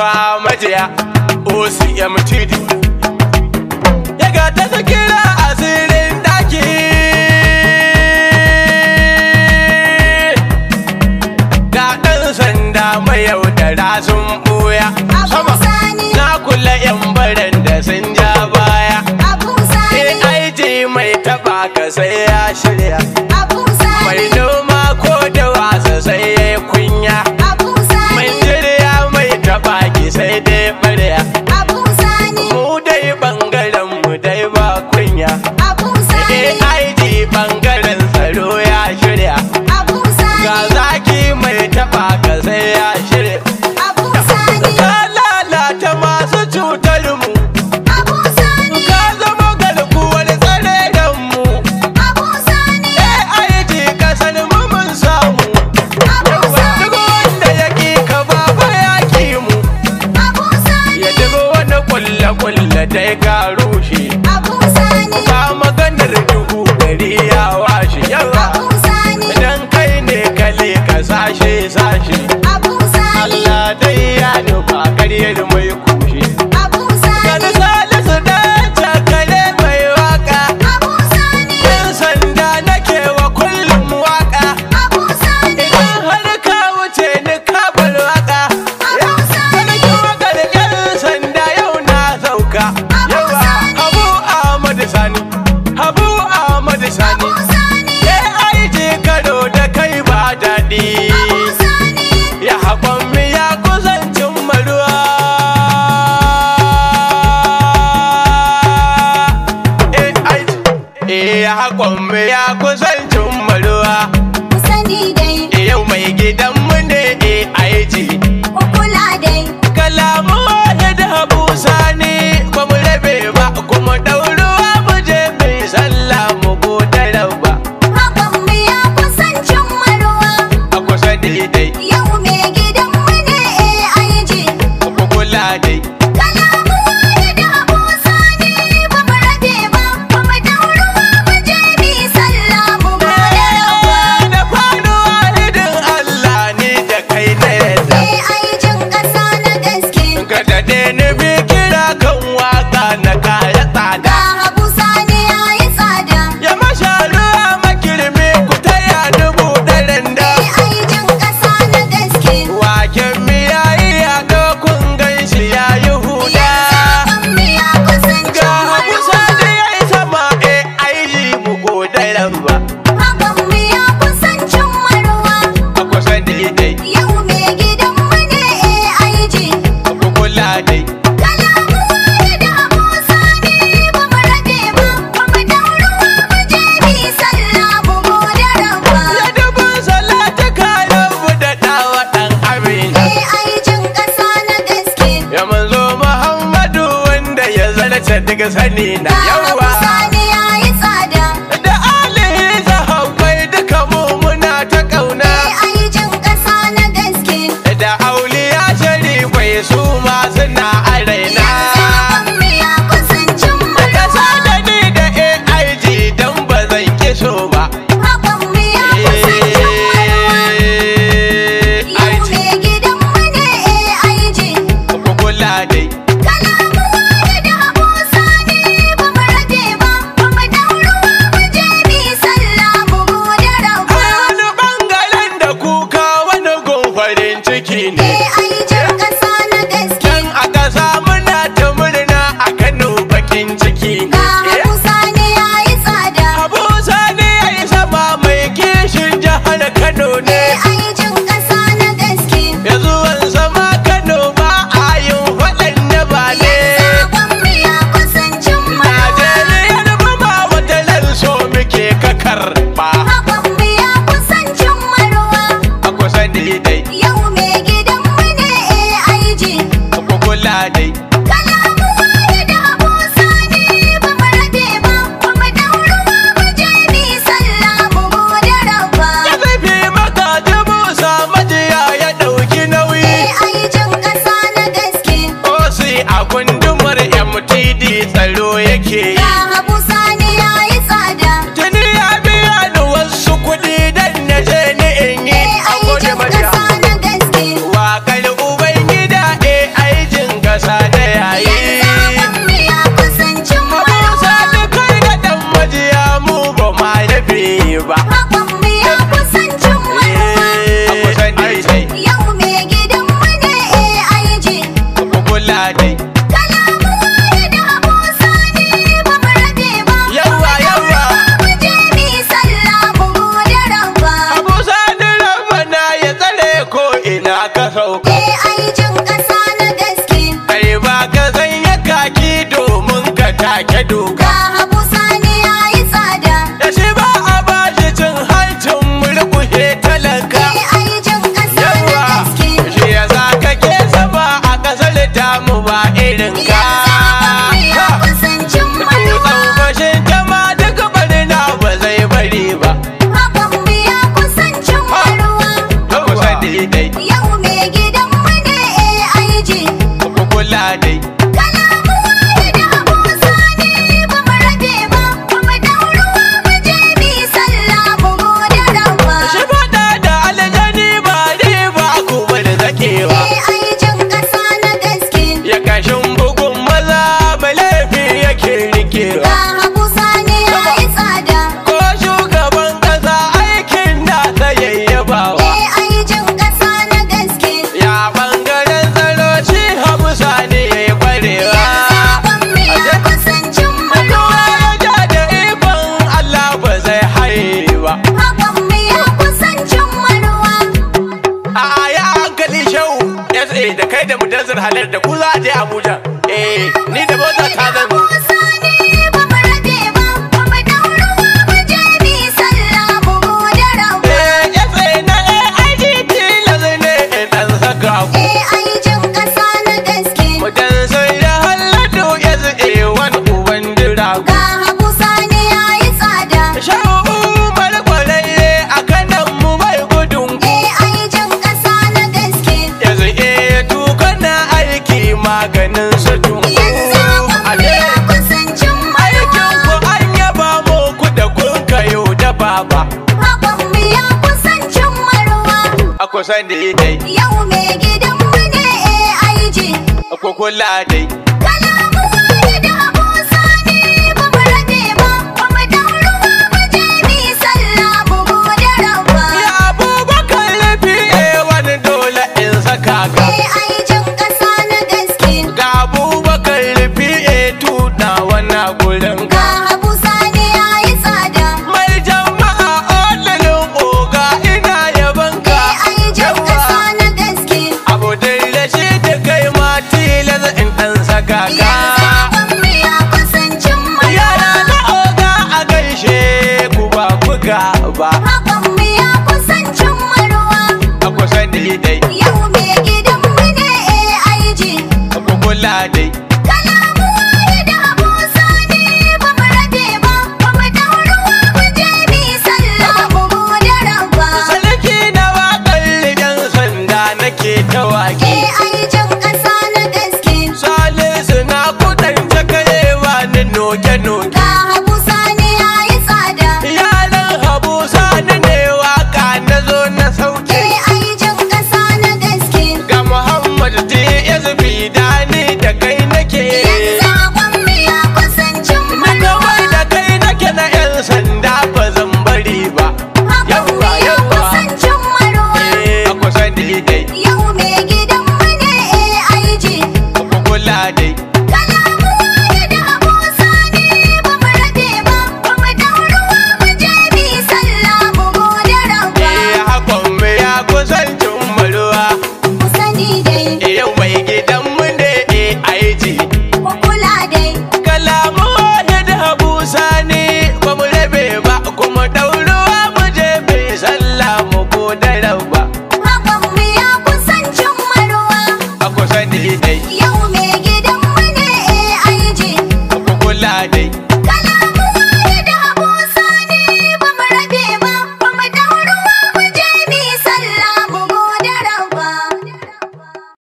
hausa majiya ocmtd ya gata ta kira asirin daki da sanda mai yau da razun buya sama na kula yan baran da sun ja baya aig mai taɓa ka sai ya shirya ta yi garo ga sani na yawa a gundumar MTD tsaro yake yi ka sauka eh ai jin ƙasa na gaske ai ba ka zanya kaki domin ka take doka ladai da kai da dazar halar da kula a je Abuja eh ni da bota ta zan maganin su tunku aikin ku an yaba muku da kun kayo da baba a kusan da dai yau mai gidan ne aiji ku dai Kanmu ya kusancin maruwa. Akwai